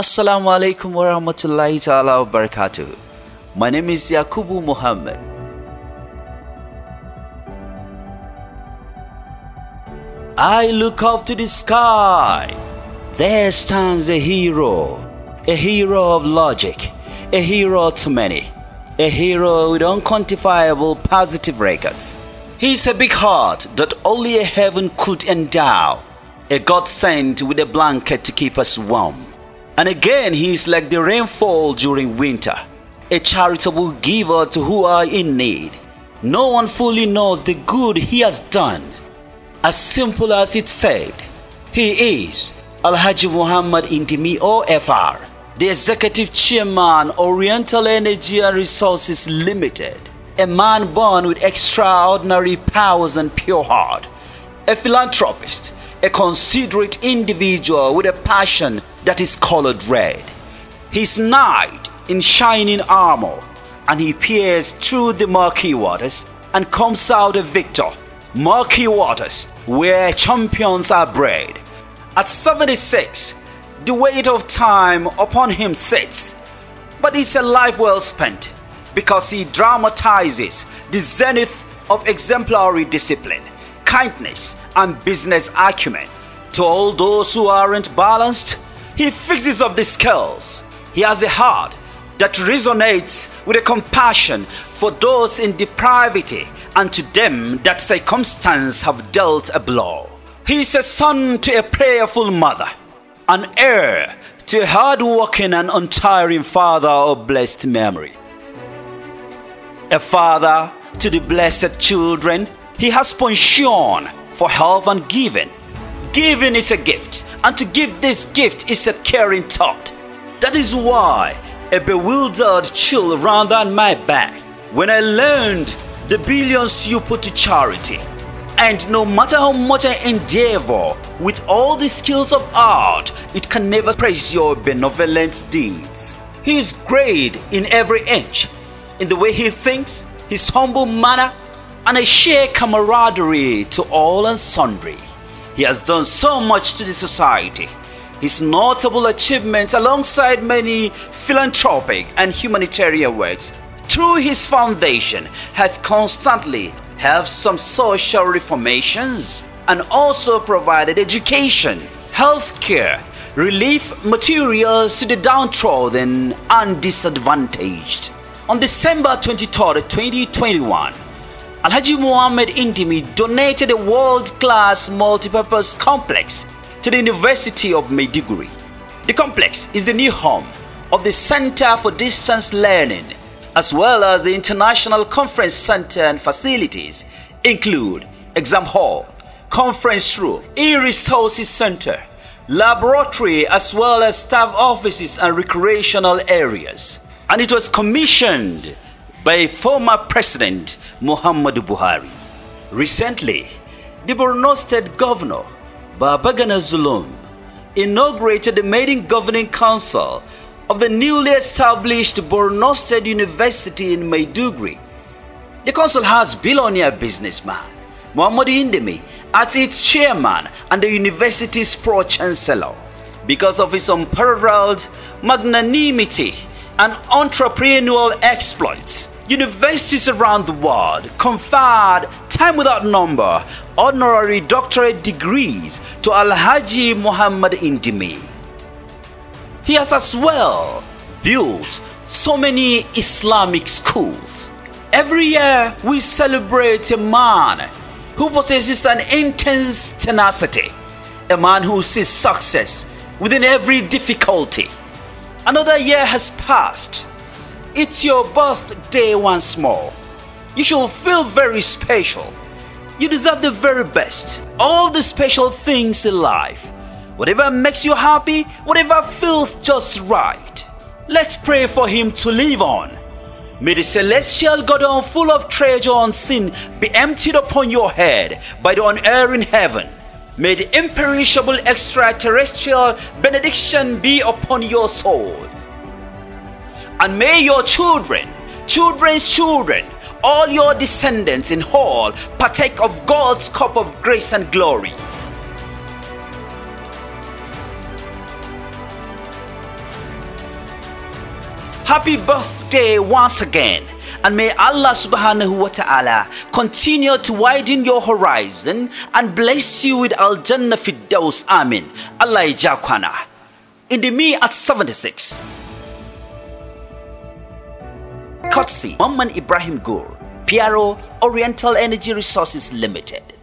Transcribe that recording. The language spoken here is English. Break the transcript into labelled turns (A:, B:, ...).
A: Assalamu alaikum wa rahmatullahi ta'ala wa barakatuh. My name is Yakubu Muhammad. I look up to the sky. There stands a hero, a hero of logic, a hero to many, a hero with unquantifiable positive records. He's a big heart that only a heaven could endow, a God sent with a blanket to keep us warm. And again, he is like the rainfall during winter, a charitable giver to who are in need. No one fully knows the good he has done. As simple as it said, he is Alhaji Muhammad Intimi OFR, the executive chairman Oriental Energy and Resources Limited, a man born with extraordinary powers and pure heart, a philanthropist, a considerate individual with a passion that is colored red. He's knight in shining armor, and he peers through the murky waters and comes out a victor. Murky waters, where champions are bred. At 76, the weight of time upon him sits, but it's a life well spent because he dramatizes the zenith of exemplary discipline kindness and business acumen. To all those who aren't balanced, he fixes up the scales. He has a heart that resonates with a compassion for those in depravity and to them that circumstance have dealt a blow. He is a son to a prayerful mother, an heir to a hard-working and untiring father of blessed memory, a father to the blessed children he has pension for help and giving. Giving is a gift, and to give this gift is a caring thought. That is why a bewildered chill ran down my back when I learned the billions you put to charity. And no matter how much I endeavor with all the skills of art, it can never praise your benevolent deeds. He is great in every inch, in the way he thinks, his humble manner, and a sheer camaraderie to all and sundry. He has done so much to the society. His notable achievements, alongside many philanthropic and humanitarian works, through his foundation have constantly helped some social reformations and also provided education, health care, relief materials to the downtrodden and disadvantaged. On December 23, 2021, Alhaji Muhammad Indimi donated a world-class multipurpose complex to the University of Maiduguri. The complex is the new home of the Center for Distance Learning, as well as the International Conference Center and facilities include exam hall, conference room, e-resources center, laboratory, as well as staff offices and recreational areas. And it was commissioned by former President Muhammadu Buhari. Recently, the Borno State Governor Babagana Zulum inaugurated the maiden governing council of the newly established Borno State University in Maiduguri. The council has billionaire businessman Muhammad Indemi as its chairman and the university's pro-chancellor. Because of his unparalleled magnanimity and entrepreneurial exploits, Universities around the world conferred time without number honorary doctorate degrees to Alhaji Muhammad Indimi. He has as well built so many Islamic schools. Every year we celebrate a man who possesses an intense tenacity, a man who sees success within every difficulty. Another year has passed it's your birthday once more. You should feel very special. You deserve the very best, all the special things in life. Whatever makes you happy, whatever feels just right. Let's pray for him to live on. May the celestial garden full of treasure unseen be emptied upon your head by the unerring heaven. May the imperishable extraterrestrial benediction be upon your soul and may your children, children's children, all your descendants in all partake of God's cup of grace and glory. Happy birthday once again, and may Allah subhanahu wa ta'ala continue to widen your horizon and bless you with Al Jannah Fiddaus. Amin. Allah In the me at 76 courtesy Maman Ibrahim Gur, PRO Oriental Energy Resources Limited.